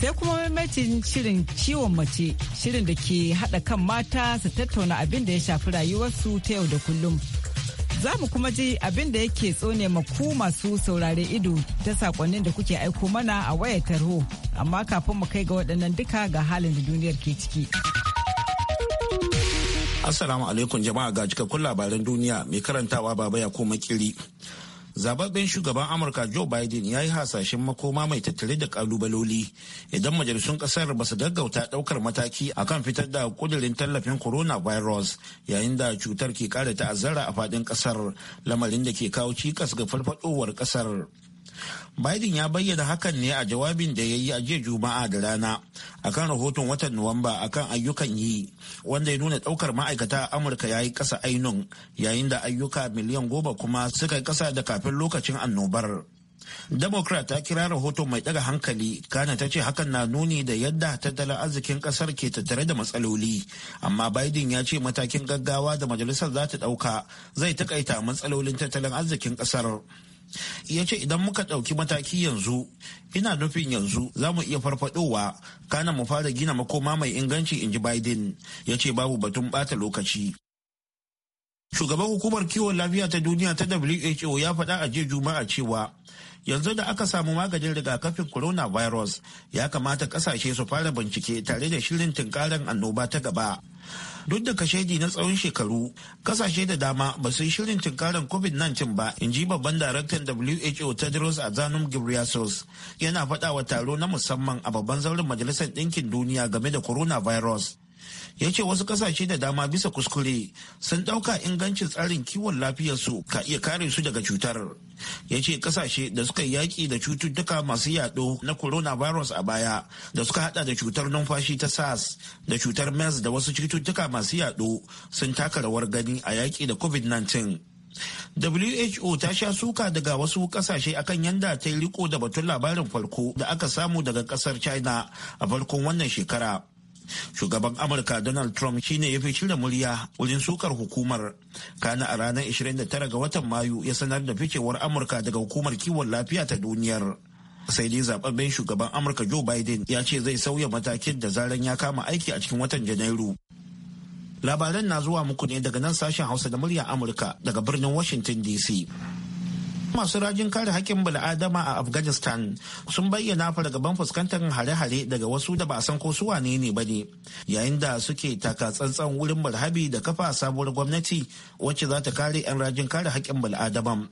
sai kuma mamacin shirin ciwon mace shirin da ke hada kan mata su tattauna abin da ya shafi rayuwarsu ta yau da kullum za mu kuma ji abin da yake tsone maku masu saurare ido ta sakonnin da kuke aiko mana a wayar tarho amma kafin mu kai ga waɗannan duka ga halin da duniyar ke ciki assalamu alaikum jama'a ga cikakkun labaran duniya mai karantawa baba ya koma kiri zababben shugaban amurka joe biden ya yi hasashen makoma mai tattare da kalubaloli idan majalisun kasar ba su gaggauta daukar mataki a kan fitar da kudirin tallafin corona virus yayin da cutar ke kara ta'azzara a fadin kasar lamarin da ke kawo cikas ga farfadowar kasar Biden ya bayyana hakan ne a jawabin da ya yi a jiya Juma'a da rana akan rahoton watan Nuwamba akan ayyukan yi wanda ya nuna daukar ma'aikata a Amurka ya yi ƙasa ainun yayin da ayyuka miliyan goma kuma suka yi ƙasa da kafin lokacin annobar. democrat ta kira rahoton mai daga hankali kana ta ce hakan na nuni da yadda tattalin arzikin kasar ke tattare da matsaloli amma biden ya ce matakin gaggawa da majalisar za ta dauka zai taƙaita matsalolin tattalin arzikin kasar ya ce idan muka ɗauki mataki yanzu ina nufin yanzu za mu iya farfadowa kana mu fara gina makoma mai inganci in ji biden ya ce babu batun bata lokaci shugaban hukumar kiwon lafiya ta duniya ta who ya faɗa a jiya juma'a cewa yanzu da aka samu maganin rigakafin coronavirus ya kamata ƙasashe su fara bincike tare da shirin tunkarar annoba ta gaba duk da kashedi na tsawon shekaru kasashe da dama ba su yi shirin tunkarar covid-19 ba in ji babban daraktan who tedros adhanom ghebreyesus yana faɗa wa taro na musamman a babban zauren majalisar ɗinkin duniya game da coronavirus ya ce wasu kasashe da dama bisa kuskure sun ɗauka ingancin tsarin kiwon lafiyarsu ka iya kare su daga cutar ya ce kasashe da suka yaki da cututtuka masu yaɗo na coronavirus a baya da suka hada da cutar numfashi ta sars da cutar mers da wasu cututtuka masu yaɗo sun taka rawar gani a yaki da covid-19 WHO ta sha suka daga wasu kasashe akan yadda ta yi riko da batun labarin farko da aka samu daga kasar China a farkon wannan shekara. shugaban amurka donald trump shine ya fi cire murya wurin sukar hukumar kana a ranar 29 ga watan mayu ya sanar da ficewar amurka daga hukumar kiwon lafiya ta duniyar sai dai zababben shugaban amurka joe biden ya ce zai sauya matakin da zaran ya kama aiki a cikin watan janairu labaran na zuwa muku ne daga nan sashen hausa da murya amurka daga birnin washington dc Masu rajin kare hakkin bil'adama a Afghanistan sun bayyana fargaban fuskantar hare-hare daga wasu da ba a san ko su wane ne ba ne, yayin da suke taka tsantsan wurin marhabi da kafa sabuwar gwamnati wacce za ta kare 'yan rajin kare hakkin bil'adama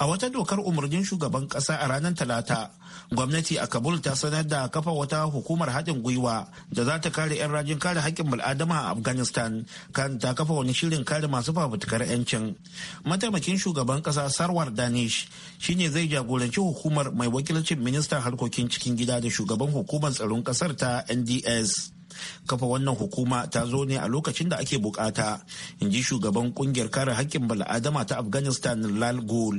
A wata dokar umarnin shugaban ƙasa a ranar Talata, gwamnati a kabul ta sanar da kafa wata hukumar haɗin gwiwa da za ta kare 'yan rajin kare haƙƙin bil'adama a afghanistan kan ta kafa wani shirin kare masu fafutukar 'yancin mataimakin shugaban ƙasa sarwar danish shine zai jagoranci hukumar mai wakilcin ministan harkokin cikin gida da shugaban hukumar tsaron ƙasar ta nds kafa wannan hukuma ta zo ne a lokacin da ake bukata in ji shugaban kungiyar kare haƙƙin bil'adama ta afghanistan lal gul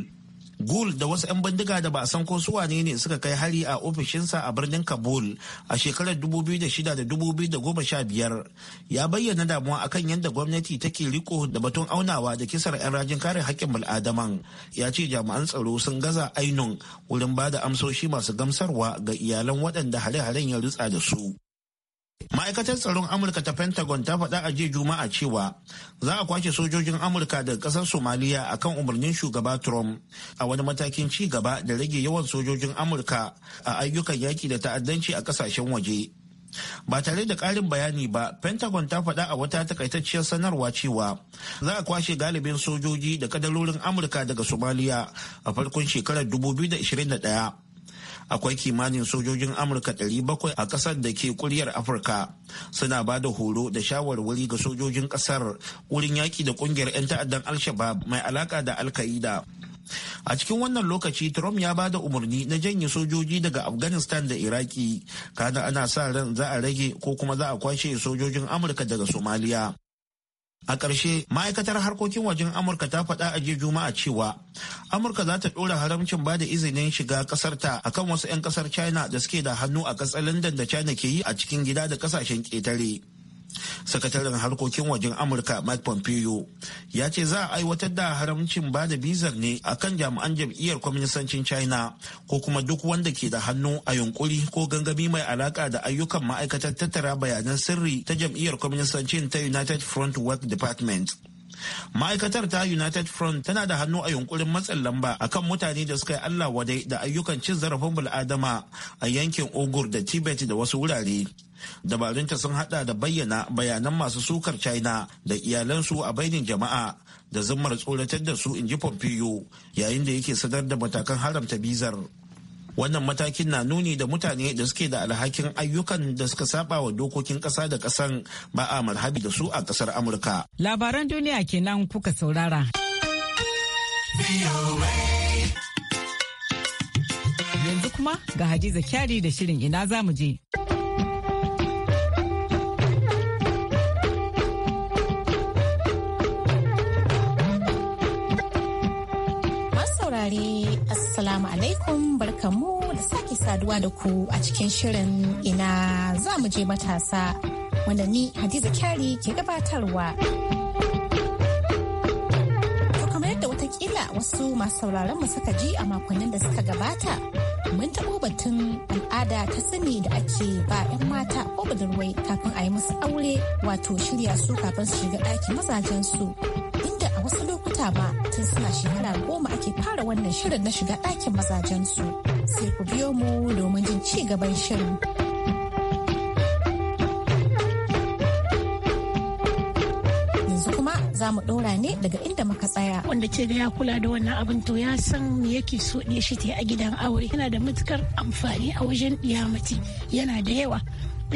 Gul da wasu 'yan bindiga da ba a san ko su wane ne suka kai hari a ofishinsa a birnin Kabul a shekarar 2006 da 2015 ya bayyana damuwa akan yadda gwamnati take riko da batun aunawa da kisar 'yan rajin kare haƙƙin mul'adaman. Ya ce jami'an tsaro sun gaza ainun wurin ba da amsoshi masu gamsarwa ga iyalan waɗanda hare-haren ya rutsa da su. ma'aikatar tsaron amurka ta pentagon ta faɗa a jiya juma'a cewa za a kwace sojojin amurka daga ƙasar somaliya a kan umarnin shugaba trump a wani matakin ci gaba da rage yawan sojojin amurka a ayyukan yaƙi da ta'addanci a ƙasashen waje ba tare da ƙarin bayani ba pentagon ta faɗa a wata takaitacciyar sanarwa cewa za a kwashe galibin sojoji da kadarorin amurka daga somaliya a farkon shekarar 2021 akwai kimanin sojojin amurka 700 a kasar da ke kuryar afirka suna ba da horo da shawarwari ga sojojin kasar wurin yaki da kungiyar 'yan ta'addan al-shabab mai alaka da al-qaida a cikin wannan lokaci trump ya ba da umarni na janye sojoji daga afghanistan da iraki kada ana sa ran za a rage ko kuma za a kwashe sojojin amurka daga somaliya A ƙarshe, ma'aikatar harkokin wajen Amurka ta faɗa a jiya Juma'a cewa Amurka za ta ɗora haramcin ba da izinin shiga ƙasar ta akan wasu 'yan ƙasar China da suke da hannu a katsalandan da China ke yi a cikin gida da ƙasashen ƙetare. sakataren harkokin wajen amurka mike pompeo ya ce za a aiwatar da haramcin ba da bizar ne akan jami'an jam'iyyar kwaminisancin china ko kuma duk wanda ke da hannu a yunkuri ko gangami mai alaka da ayyukan ma'aikatar tattara bayanan sirri ta jam'iyyar kwaminisancin ta united front work department ma'aikatar ta united front tana da hannu a yunkurin matsin lamba akan mutane da suka yi allah wadai da ayyukan cin zarafin bil'adama a yankin ogur da tibet da wasu wurare dabarunta sun hada da bayyana bayanan masu sukar china da iyalansu a bainin jama'a da zimmar tsoratar da su in ji pompeo yayin da yake sanar da matakan haramta bizar wannan matakin na nuni da mutane da suke da alhakin ayyukan da suka saba wa dokokin kasa da kasan ba a marhabi da su a kasar amurka labaran duniya kenan kuka saurara yanzu kuma ga hadiza kyari da shirin ina za mu je Assalamu alaikum barkamu da sake saduwa da ku a cikin shirin ina za mu je matasa wanda ni Hadiza Kyari ke gabatarwa. To kamar yadda watakila wasu masu sauraron mu suka ji a makonnin da suka gabata mun taɓo batun al'ada ta sani da ake ba 'yan mata ko budurwai kafin a yi musu aure wato shirya su kafin su shiga ɗakin mazajen su inda a wasu lokuta ba tun suna shekara goma ake fara wannan shirin na shiga ɗakin mazajensu sai ku biyo mu domin jin ci gaban shirin. za mu ɗora ne daga inda muka tsaya. Wanda ce ga ya kula da wannan abin to ya san me yake so ɗaya shi ta a gidan aure yana da matukar amfani a wajen ɗiyamati yana da yawa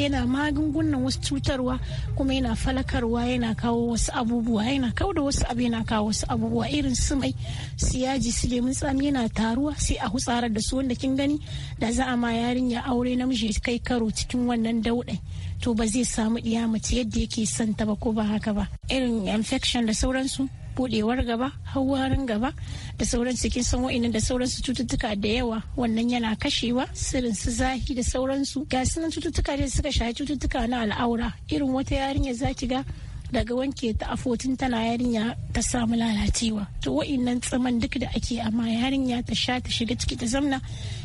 yana magungunan wasu cutarwa kuma yana falakarwa yana kawo wasu abubuwa yana kawo da wasu abu yana kawo wasu abubuwa irin su mai su yaji su lemun tsami yana taruwa sai a hutsarar da su wanda kin gani da za a ma yarinya aure namiji kai karo cikin wannan daudai to ba zai samu iya mace yadda yake son ta ba ko ba haka ba irin infection da sauransu budewar gaba hawarin gaba da sauran cikin san da sauransu cututtuka da yawa wannan yana kashewa sirin su zahi da sauransu ga sunan cututtuka da suka shahi cututtuka na al'aura irin wata yarinya za ki ga daga wanke ta a fotin tana yarinya ta samu lalacewa to wa'innan tsaman duk da ake amma yarinya ta sha ta shiga ciki ta zamna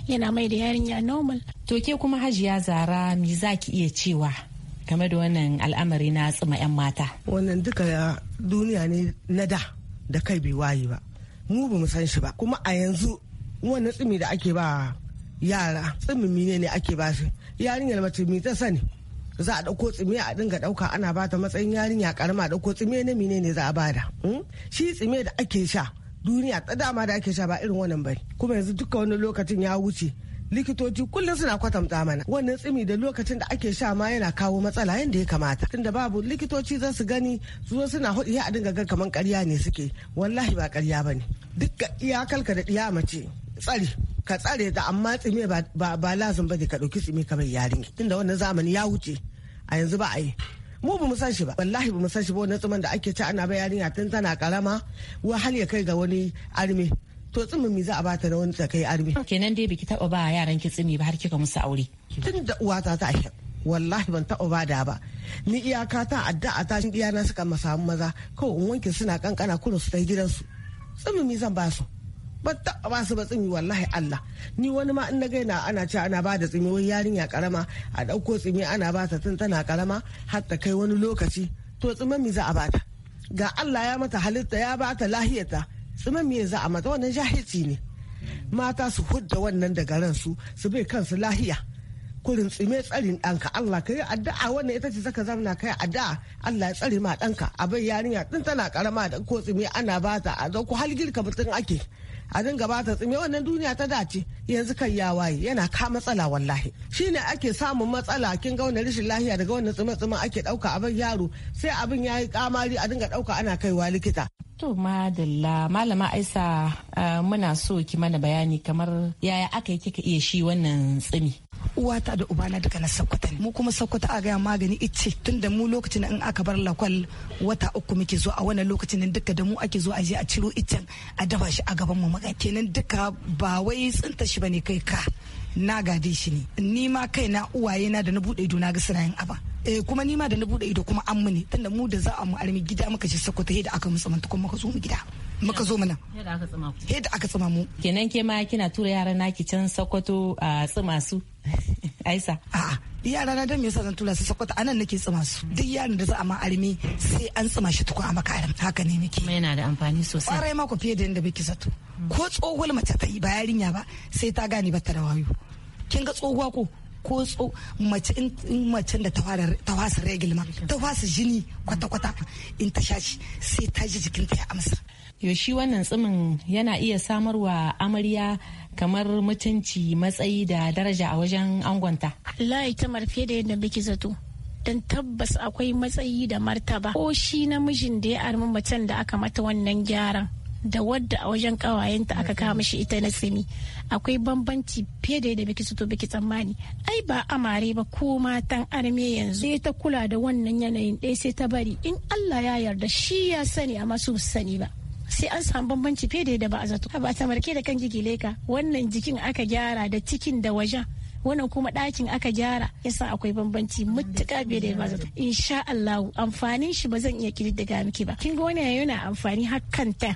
yana mai da yarinya normal to ke kuma hajiya zara me za ki iya cewa game da wannan al'amari na tsuma 'yan mata wannan duka duniya ne na da da kai bai waye ba mu ba san shi ba kuma a yanzu wannan tsumi da ake ba yara tsimi ne ne ake ba su yarinyar mace mai ta sani za a ɗauko tsime a dinga ɗauka ana ba ta matsayin yarinya karama a ɗauko tsime na mine ne za a bada hmm? shi tsime da ake sha duniya ta dama da ake sha ba irin wannan bai kuma yanzu duka wani lokacin ya wuce likitoci kullum suna kwatanta mana wannan tsimi da lokacin da ake sha ma yana kawo matsala yadda ya kamata tunda babu likitoci za su gani su zo suna hudu ya a dinga ga kaman karya ne suke wallahi ba karya ba ne duk iyakalka da iya mace tsari ka tsare da amma tsimi ba lazim ba ne ka ɗauki tsimi kamar yarin tunda wannan zamani ya wuce a yanzu ba a yi mu ba san shi ba wallahi ba mu san shi ba wannan tsiman da ake ci ana ba yarinya tun tana karama Wa har ya kai ga wani armi. to tsimin mi za a bata da wani takai arbi. kenan dai biki taba ba yaran ki tsimi ba har kika musu aure tun da uwata ta ashe wallahi ban taba da ba ni iyaka ta addu'a ta shin iyana suka samu maza kawai in wanke suna kankana kuma su tai gidansu tsimin mi zan ba su ban taba ba su ba tsimi wallahi Allah ni wani ma in na gaina ana ce ana ba da tsimi wai yarinya karama a dauko tsimi ana ba ta tun tana karama har ta kai wani lokaci to tsimin mi za a bata ga Allah ya mata halitta ya bata lahiyata tsiman me za a mata wannan jahilci ne mata su hudda wannan daga ransu su bai kansu lahiya kurin tsime tsarin ɗanka Allah ka yi addu'a wannan ita ce saka zamna kai addu'a Allah ya tsare ma ɗanka a bai yarinya din tana karama da ko tsime ana bata a zauku har girka mutum ake a dinga ba ta tsime wannan duniya ta dace yanzu kan ya waye yana ka matsala wallahi shine ake samun matsala kin ga wannan rashin lafiya daga wannan tsime tsime ake dauka abin yaro sai abin ya yi kamari a dinga dauka ana kaiwa likita to madalla malama aisa eh, muna so ki mana bayani kamar yaya aka yi kika iya shi wannan tsimi uwata da ubana daga na sakkwata mu kuma sakkwata a gaya magani ice tun da mu lokacin in aka bar lakwal wata uku muke zo a wannan lokacin duka da mu ake zo a je a ciro icen a dafa shi a gaban mu maka kenan duka ba wai tsinta shi bane kai ka na gade shi ne ni ma kai na uwaye na da na bude ido na ga suna yin aba eh kuma ni ma da na bude ido kuma an mu ne tunda mu da za a mu armi gida muka ci sakwata da aka musu manta kuma muka zo mu gida muka zo mana yadda aka tsama mu kenan ke ma kina tura yaran naki can sakwato a tsima su Aisa. A'a, yara na dan me yasa zan tura su Sokoto anan nake tsima su. Duk yaran da za a ma armi sai an tsima shi tukun a maka Haka ne muke. mai yana da amfani sosai. Kwarai mako fiye da yadda biki zato. Ko tsohuwar mace ta yi ba yarinya ba sai ta gane ta da wayo. Kin ga tsohuwa ko ko tso mace in mace da ta wasa regil ma ta wasa jini kwata-kwata in ta shashi sai ta ji jikinta ya amsa. Yoshi wannan tsimin yana iya samarwa amarya kamar mutunci matsayi da daraja a wajen angonta layi tamar fiye da yadda biki zato don tabbas akwai matsayi da martaba ko shi namijin da ya armi macen da aka mata wannan gyaran da wadda a wajen kawayenta aka kama shi ita na tsimi, akwai bambanci fiye da yadda biki zato biki tsammani ai ba amare ba ko matan arme yanzu sai ta kula da wannan yanayin ɗaya sai ta bari in Allah ya yarda shi ya sani amma su sani ba sai an samu bambanci fiye da yadda ba a zato ba ta marke da kan gigile wannan jikin aka gyara da cikin da wajen wannan kuma ɗakin aka gyara ya sa akwai bambanci mutuka bai da ba zato insha Allah amfanin shi ba zan iya kididdiga miki ba kin ga wani yana amfani hakan ta.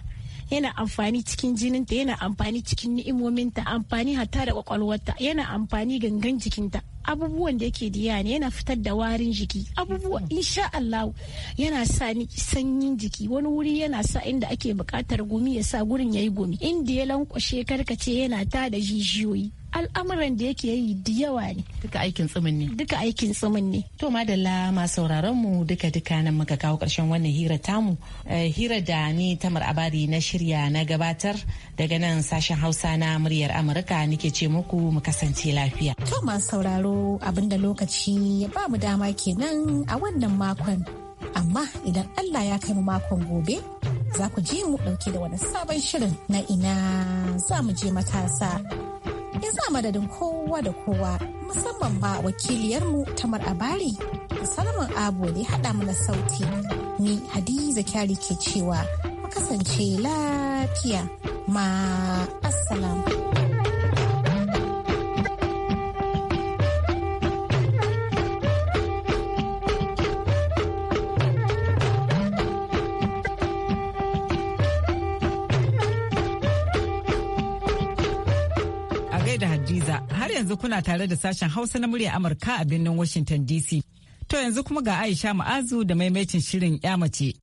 yana amfani cikin jininta yana amfani cikin ni'imominta amfani hatta da kwakwalwarta yana amfani gangan jikinta abubuwan da yake diya ne yana fitar da warin jiki abubuwa mm-hmm. insha Allah yana sa ni sanyin jiki wani wuri yana sa inda ake bukatar gumi ya sa gurin yayi gumi inda ya lankwashe karkace yana ta da jijiyoyi al'amuran da yake yi da yawa ne duka aikin tsumin ne duka aikin tsumin ne to madalla masu sauraron mu duka duka nan muka kawo karshen wannan hira tamu eh, hira da ni tamar abari na shirya na gabatar daga nan sashen hausa na muryar amurka nake ce muku mu kasance lafiya to masu sauraro abinda lokaci ya ba mu dama kenan a wannan makon amma idan allah ya kai mu makon gobe za ku ji mu ɗauke da wani sabon shirin na ina za mu je matasa ya sa madadin kowa da kowa musamman ma wakiliyarmu tamar abari salman abu ne haɗa mana sauti ni hadiza kyari ke cewa kasance lafiya ma assalamu da Hadiza har yanzu kuna tare da sashen Hausa na murya Amurka a birnin Washington DC. To yanzu kuma ga Aisha Ma'azu da maimaitin shirin 'ya mace.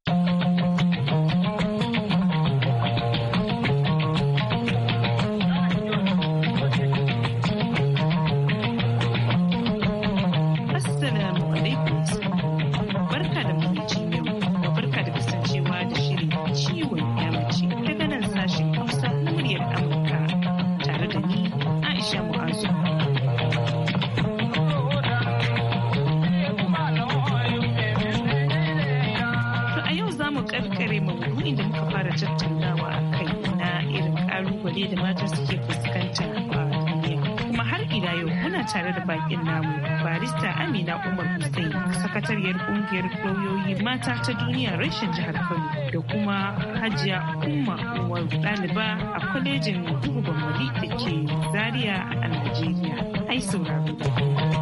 kungiyar lauyoyi mata ta duniya rashin jihar Kano da kuma Hajiya Umma Uwar ɗaliba a kwalejin Duhu da ke Zaria a Najeriya. Ai sauraro.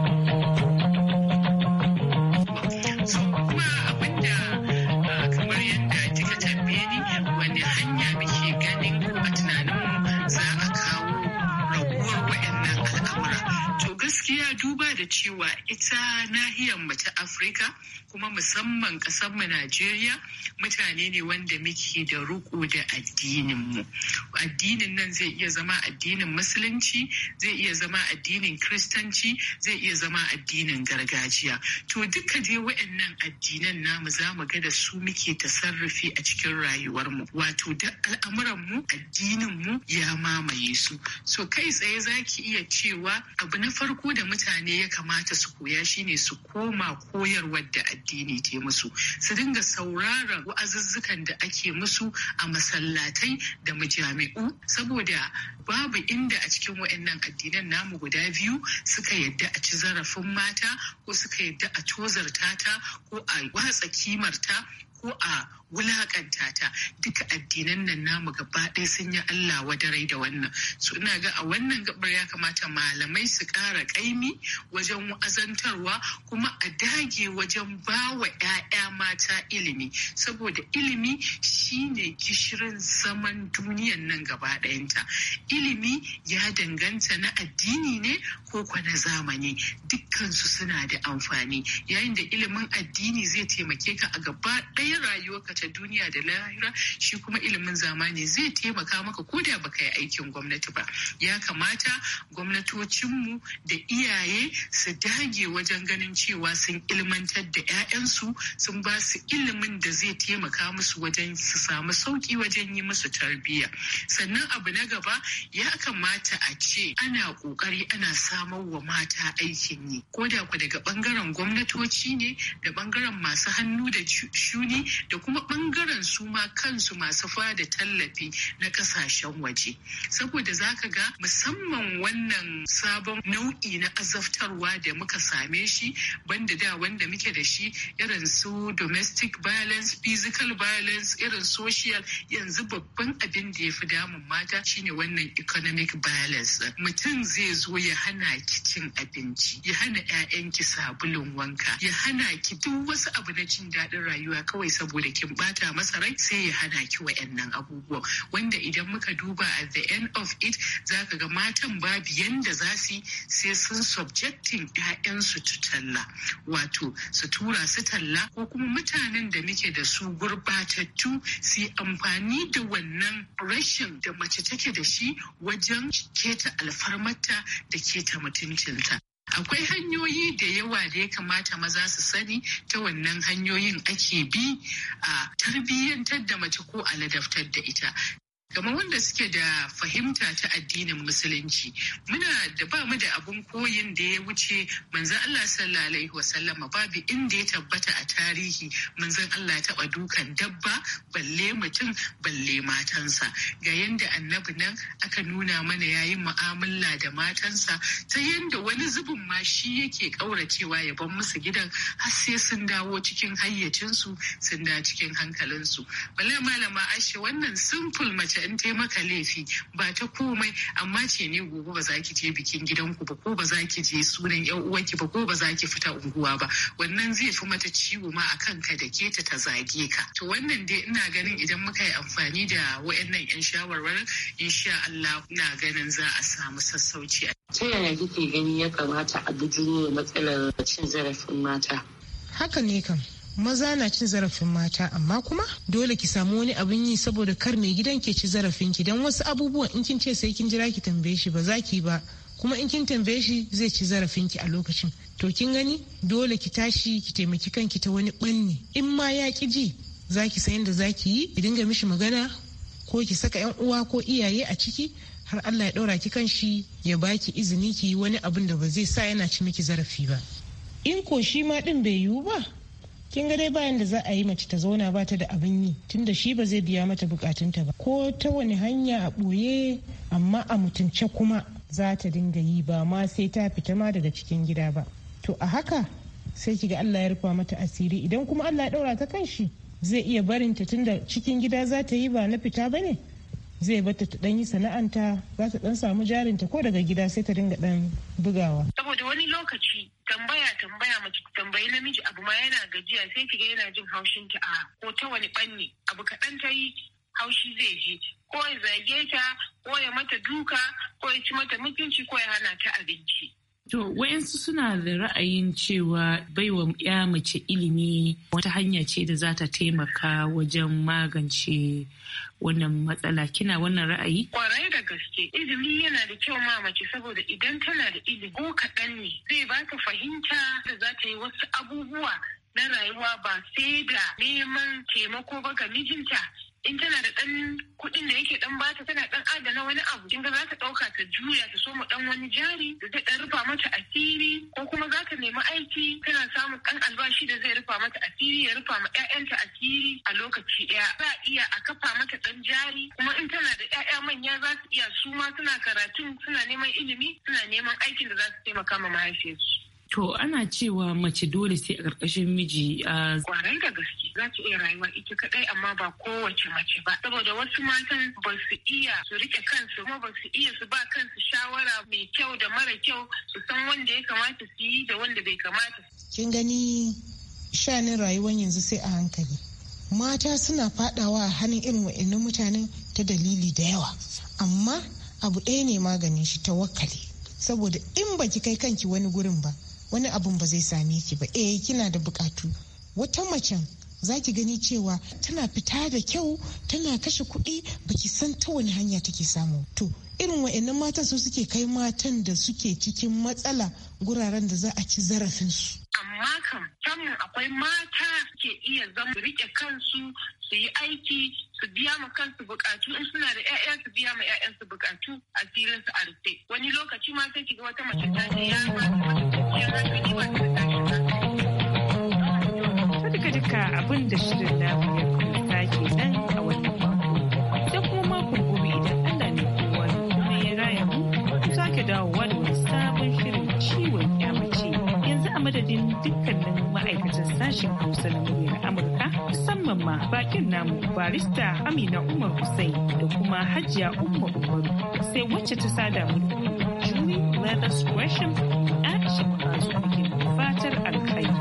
cewa ita nahiyar mu ta Afirka kuma musamman ƙasar mu Najeriya mutane ne wanda muke da riko da addinin mu. Addinin nan zai iya zama addinin musulunci, zai iya zama addinin kristanci, zai iya zama addinin gargajiya. To duka dai waɗannan addinan namu za mu ga da su muke tasarrufi a cikin rayuwarmu. Wato duk addinin mu ya mamaye su. So kai tsaye zaki iya cewa abu na farko da mutane ya kamata su koya shine su koma koyarwar da addini ke musu su dinga sauraron wa'azuzzukan da ake musu a masallatai da majami'u saboda babu inda a cikin wa'annan addinan namu guda biyu suka yadda a ci zarafin mata ko suka yadda a tozarta ta ko a watsa kimarta ko a wulakanta ta duka addinan nan namu gaba ɗaya sun yi Allah wadarai da wannan so ina ga a wannan gabar ya kamata malamai su ƙara ƙaimi wajen wa'azantarwa kuma a dage wajen ba wa 'ya'ya mata ilimi saboda ilimi shine gishirin zaman duniyan nan gaba ɗayanta ilimi ya danganta na addini ne ko kwa na zamani dukkansu suna da amfani yayin da ilimin addini zai taimake ka a gaba ɗaya rayuwarka ta duniya da lahira shi kuma ilimin zamani zai taimaka maka ko da baka yi aikin gwamnati ba ya kamata gwamnatocinmu da iyaye su dage wajen ganin cewa sun ilmantar da 'ya'yansu sun ba su ilimin da zai taimaka musu wajen su samu sauki wajen yi musu tarbiyya sannan abu na gaba ya kamata a ce ana kokari ana samar wa mata aikin yi ko da ku daga bangaren gwamnatoci ne da bangaren masu hannu da shuni da kuma bangaren su ma kansu masu fada tallafi na kasashen waje saboda za ka ga musamman wannan sabon nau'i na azaftarwa da muka same shi banda da wanda muke da shi irin su domestic violence physical violence irin social yanzu babban abin da ya fi damun mata shine wannan economic violence mutum zai zo ya hana ki cin abinci ya hana 'ya'yanki sabulun wanka ya hana ki duk wasu abu na jin daɗin rayuwa kawai saboda kin bata masa rai sai ya hana ki wa'annan abubuwan wanda idan muka duba at the end of it zaka ga matan babu yanda za su sai sun subjecting ƴaƴansu to talla wato su tura su talla ko kuma mutanen da muke da su gurbatattu su amfani da wannan rashin da mace take da shi wajen keta alfarmarta da keta mutuncinta akwai hanyoyi da yawa da ya kamata maza su sani ta wannan hanyoyin ake bi a tarbiyyantar da mace ko a ladabtar da ita kamar wanda suke da fahimta ta addinin musulunci muna da ba mu da abun koyin da ya wuce manzan Allah sallallahu alaihi wasallama babu inda ya tabbata a tarihi manzan Allah ya taba dukan dabba balle mutum balle matansa ga yanda annabi nan aka nuna mana yayin mu'amala da matansa ta yadda wani zubin ma shi yake kauracewa ya bar musu gidan har sai sun dawo cikin hayyacinsu sun da cikin hankalinsu balle malama ashe wannan simple mace ta in ta maka laifi ba ta komai amma ce ne gobe ba za ki je bikin gidanku ba ko ba za ki je sunan yan uwanki ba ko ba za ki fita unguwa ba wannan zai fi mata ciwo ma akan ka da ke ta ta zage ka to wannan dai ina ganin idan muka yi amfani da wayannan yan shawarwarin insha Allah ina ganin za a samu sassauci ta yaya kike gani ya kamata a bijiro matsalar cin zarafin mata haka ne kam maza na cin zarafin mata amma kuma dole ki samu wani abin yi saboda kar mai gidan ke ci zarafin ki dan wasu abubuwan in kin ce sai kin jira ki tambaye shi ba za ki ba kuma in kin tambaye shi zai ci zarafin ki a lokacin to kin gani dole ki tashi ki taimaki kanki ta wani banni in ma ya ki ji za ki san yadda za ki yi ki dinga mishi magana ko ki saka yan uwa ko iyaye a ciki har Allah ya ɗaura ki shi ya baki izini ki yi wani abin da ba zai sa yana ci miki zarafi ba in ko shi ma din bai yiwu ba kin ga dai bayan da za a yi mace ta zauna ba ta da abin yi tunda shi ba zai biya mata bukatunta ba ko ta wani hanya a ɓoye amma a mutunce kuma za ta dinga yi ba ma sai ta fita ma daga cikin gida ba to a haka sai kiga Allah ya rufa mata asiri idan kuma Allah ya daura ta kan shi zai iya barinta tunda cikin gida za ta yi ba na fita ba ne zai bata ta dan yi sana'anta za ta dan samu jarinta ko daga gida sai ta dinga dan bugawa saboda wani lokaci tambaya tambaya mace tambayi namiji abu ma yana gajiya sai kiga yana jin haushin ki a ko ta wani banne abu kaɗan ta yi haushi zai je ko ya zage ta ko ya mata duka ko ya ci mata mutunci ko ya hana ta abinci To, wayansu suna da ra'ayin cewa baiwa ya mace ilimi wata hanya ce da za ta taimaka wajen magance wannan matsala kina wannan ra'ayi? Kwarai da gaske ilimi yana da kyau ma mace saboda idan tana da ilimi ko kaɗan ne zai ba ta fahimta da za ta yi wasu abubuwa na rayuwa ba sai da neman taimako ba ga mijinta in tana da ɗan kuɗin da yake ɗan bata tana ɗan adana wani abu kin ga za ta ɗauka ta juya ta soma ɗan wani jari da zai ɗan rufa mata asiri ko kuma za ta nemi aiki tana samun dan albashi da zai rufa mata asiri ya rufa ma ƴaƴanta asiri a lokaci ɗaya za a iya a kafa mata ɗan jari kuma in tana da ƴaƴa manya za su iya su ma suna karatun suna neman ilimi suna neman aikin da za su taimaka ma mahaifiyarsu. To ana cewa mace dole sai a ƙarƙashin miji a kwarai ga gaske za ta iya rayuwa ita kaɗai amma ba kowace mace ba saboda wasu matan ba su iya su rike kansu kuma ba su iya su ba kansu shawara mai kyau da mara kyau su san wanda ya kamata su yi da wanda bai kamata. Kin gani shanin rayuwar yanzu sai a hankali. Mata suna fadawa a hannun irin wa'annan mutanen ta dalili da yawa amma abu ɗaya ne maganin shi tawakkali saboda in baki kai kanki wani gurin ba wani abun ba zai same ki ba eh kina da bukatu wata macen za ki gani cewa tana fita da kyau tana kashe kuɗi baki san ta wani hanya take samu to irin wa'annan matan su suke kai matan da suke cikin matsala guraren da za a ci zarafinsu amma kan akwai mata ke iya zama rike kansu su yi aiki su biya ma kansu bukatu in suna da 'ya'ya su biya ma 'ya'yansu bukatu a filin su a rufe wani lokaci ma sai kiga wata mace ta je ya ta duka duka abin da shirin lafiya kuma ke nan a wannan mako sai kuma makon gobe idan Allah ne kowa kuma ya raya mu sake dawowa da madadin dukkanin ma'aikatan sashen hausa na muryar amurka musamman ma bakin namu barista amina umar hussein da kuma hajiya umar umaru sai wacce ta sada mu julie leathers gresham aisha masu fatar alkhairi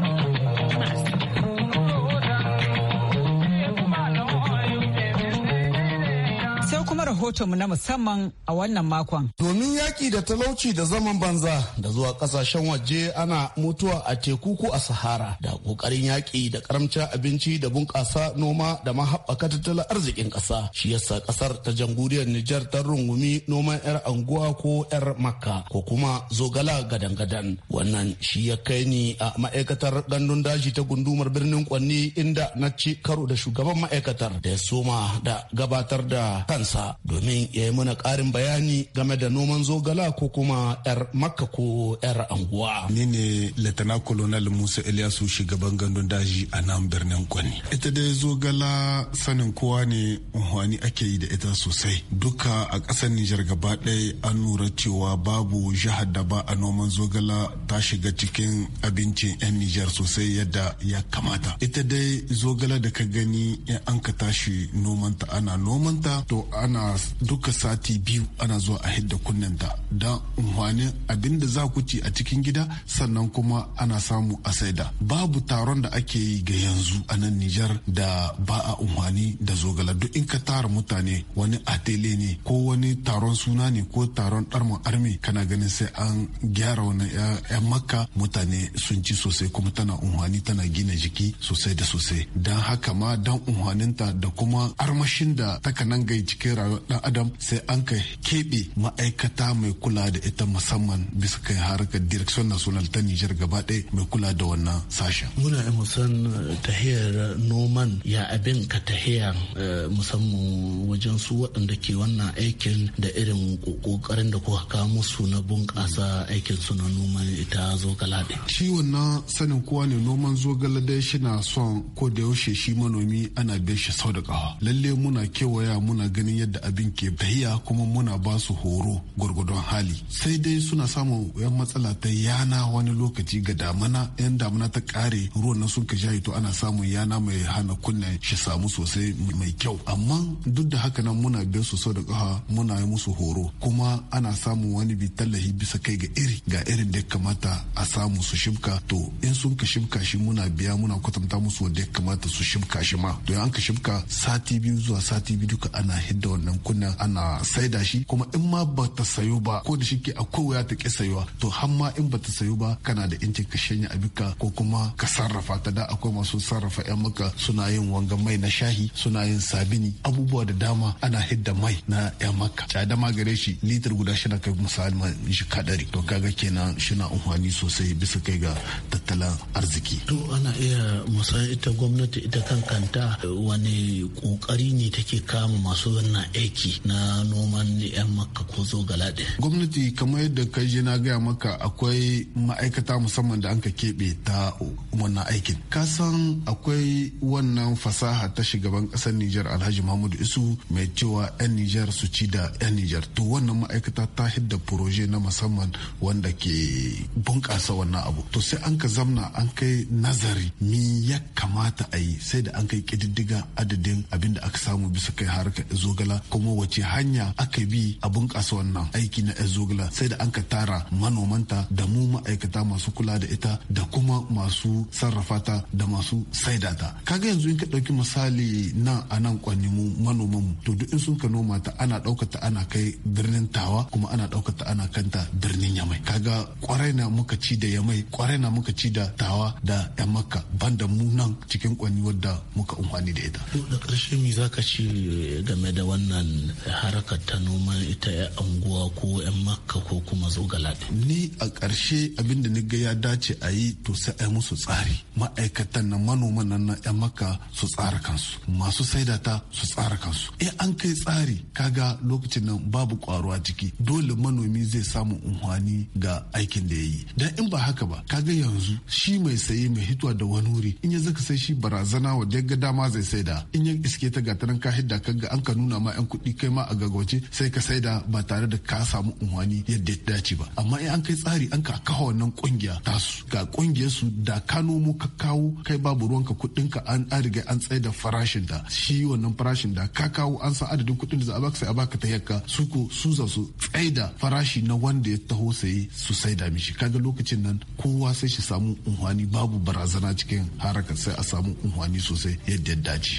rahotonmu na musamman a wannan makon. Domin yaƙi da talauci da zaman banza da zuwa ƙasashen waje ana mutuwa a teku ko a sahara da ƙoƙarin yaƙi da karamcin abinci da bunƙasa noma da mahaɓaka tattalin arzikin ƙasa shi yasa ƙasar ta jamhuriyar Nijar ta rungumi noman 'yar anguwa ko 'yar makka ko kuma zogala gadan-gadan wannan shi ya kai ni a ma'aikatar gandun daji ta gundumar birnin Kwanni inda na ci karo da shugaban ma'aikatar da ya soma da gabatar da kansa domin ya yi mana karin bayani game da noman zogala ko kuma 'yar makka ko 'yar anguwa. Ni ne Latana kolonel Musa iliyasu shugaban gandun daji a nan birnin Kwani. Ita dai zogala sanin kowa ne wani ake yi da ita sosai. Duka a ƙasar Nijar gaba ɗaya an lura cewa babu jihar da ba a noman zogala ta shiga cikin abincin 'yan Nijar sosai yadda ya kamata. Ita dai zogala da ka gani in an ka tashi nomanta ana nomanta to ana duka sati biyu ana zuwa a hidda kunnenta don unhwanin abin da za ku ci a cikin gida sannan kuma ana samu a saida babu taron da ake yi ga yanzu a nan nijar da ba a unhwani da zogala duk in ka tara mutane wani atele ne ko wani taron suna ne ko taron ɗarmin armi kana ganin sai an gyara wani 'yan makka mutane sun ci sosai kuma tana unhwani tana gina jiki sosai da sosai don haka ma don unhwaninta da kuma armashin da takanan gai cikin rayuwa rayuwar dan adam sai an kai keɓe ma'aikata mai kula da ita musamman bisa kai harkar direction national ta nijar gaba ɗaya mai kula da wannan sashen muna yi musan eh, tahiyar noman ya abin ka tahiya eh, musamman wajen su waɗanda ke wannan aikin da irin ƙoƙarin da kuka kawo musu na bunƙasa aikin su na noman ita zogalade. shi wannan sanin kowa ne noman zogalade dai shi na son ko da yaushe shi manomi ana bin shi sau da ƙawa lalle muna kewaya muna ganin yadda abin ke bayya kuma muna ba su horo gwargwadon hali sai dai suna samun yan matsala ta yana wani lokaci ga damana yan damana ta kare ruwa na sun ka shayi to ana samun yana mai hana kunna shi samu sosai mai kyau amma duk da haka nan muna bin su sau da kafa muna yi musu horo kuma ana samun wani bi tallahi bisa kai ga iri ga irin da ya kamata a samu su shimka to in sun ka shimka shi muna biya muna kwatanta musu wanda ya kamata su shimka shi ma to an ka shimka sati biyu zuwa sati biyu duka ana hidda wannan wannan kunnen ana saida shi kuma in ma ba ta sayo ba ko da shike akwai wuya ta ki sayuwa to har ma in ba ta sayo ba kana da incin ka shanya abika ko kuma ka sarrafa ta da akwai masu sarrafa yan maka suna yin wanga mai na shahi suna yin sabini abubuwa da dama ana hidda mai na yan maka cada da magare shi litir guda shi na kai misali ma shi kadari to kaga kenan shi na amfani sosai bisa kai ga tattalin arziki to ana iya musayar ita gwamnati ita kan kanta wani kokari ne take kama masu wannan aiki aiki na noman yan maka ko zogalade. gwamnati kamar yadda ka je na gaya maka akwai ma'aikata musamman da anka keɓe ta wannan aikin ka san akwai wannan fasaha ta shugaban ƙasar nijar alhaji mahmudu isu mai cewa yan nijar su ci da yan nijar to wannan ma'aikata ta hidda proje na musamman wanda ke bunƙasa wannan abu to sai an ka zamna an kai nazari mi ya kamata a yi sai da an kai ƙididdiga adadin abin da aka samu bisa kai harkar zogala ko kuma wace hanya aka bi a bunƙasa wannan aiki na ezogla sai da an ka tara manomanta da mu ma'aikata masu kula da ita da kuma masu sarrafata da masu saida ta kaga yanzu in ka ɗauki misali nan a nan kwanni mu manoman mu to duk in sun ka noma ta ana ɗaukata ana kai birnin tawa kuma ana ɗaukata ana kanta birnin yamai kaga kwarai na muka ci da yamai kwarai na muka ci da tawa da yan makka banda mu nan cikin kwanni wadda muka umfani da ita. to da ƙarshe mi za ka ci game da wannan wannan harkar ta noma ita ya anguwa ko yan makka ko kuma zogala ni a ƙarshe abin da ga ya dace a yi to sai a musu tsari ma'aikatan na manoman nan na yan makka su tsara kansu masu saida ta su tsara kansu in an kai tsari kaga lokacin nan babu ƙwaro a jiki dole manomi zai samu unhwani ga aikin da ya yi dan in ba haka ba kaga yanzu shi mai saye mai hituwa da wani wuri in ya zaka sai shi barazana wa ga dama zai saida in ya iske ta gatanan ka hidda kaga an ka nuna ma yan kuɗi kai ma a gagauce sai ka saida ba tare da ka samu unwani yadda ya dace ba amma in an kai tsari an ka kawo wannan kungiya tasu ga kungiyar su da ka nomo ka kawo kai babu ruwanka kuɗinka an riga an tsaye da farashin da shi wannan farashin da ka kawo an san adadin kuɗin da za a baka sai a baka ta yakka su ko su za su tsaida farashi na wanda ya taho saye su saida mishi kaga lokacin nan kowa sai shi samu unhwani babu barazana cikin harakar sai a samu unwani sosai yadda ya dace.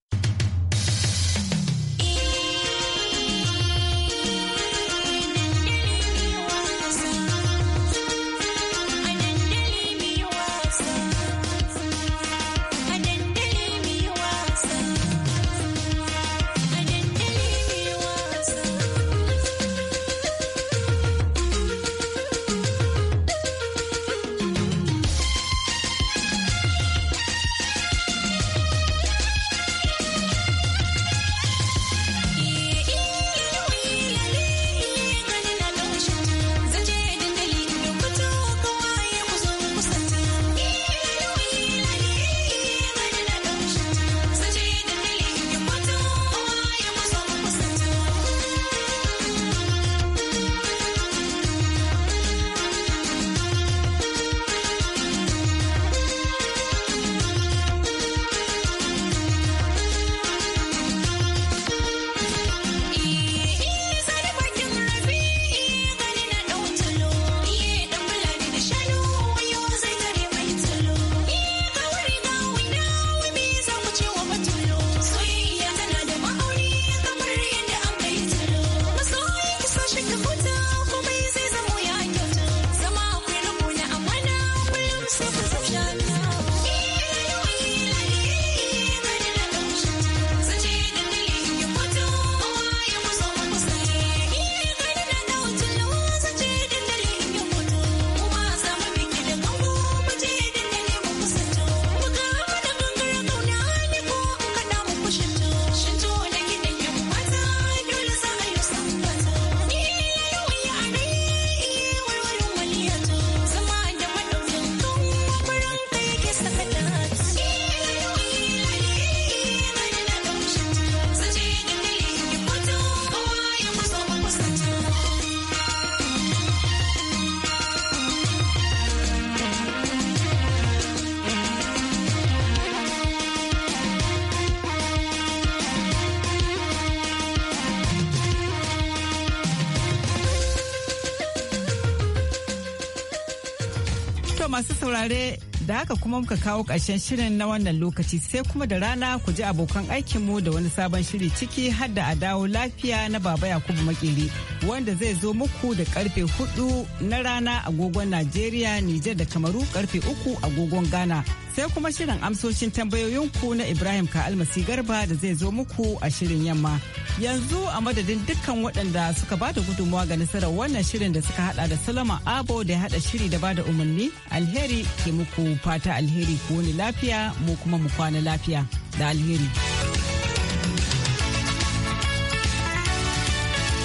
masu saurare da haka kuma muka kawo ƙarshen shirin na wannan lokaci sai kuma da rana ku ji abokan aikinmu da wani sabon shiri ciki har da a dawo lafiya na baba yakubu makeri wanda zai zo muku da karfe 4 na rana agogon Najeriya, Nijar da Kamaru karfe 3 agogon Ghana. Sai kuma shirin amsoshin tambayoyinku na Ibrahim Ka'almasi Garba da zai zo muku a shirin yamma. Yanzu a madadin dukkan waɗanda suka ba da gudunmawa ga nasarar wannan shirin da suka hada da Salama Abo da ya hada shiri da ba da umarni alheri ke muku fata alheri ko wani lafiya mu kuma mu kwana lafiya da alheri.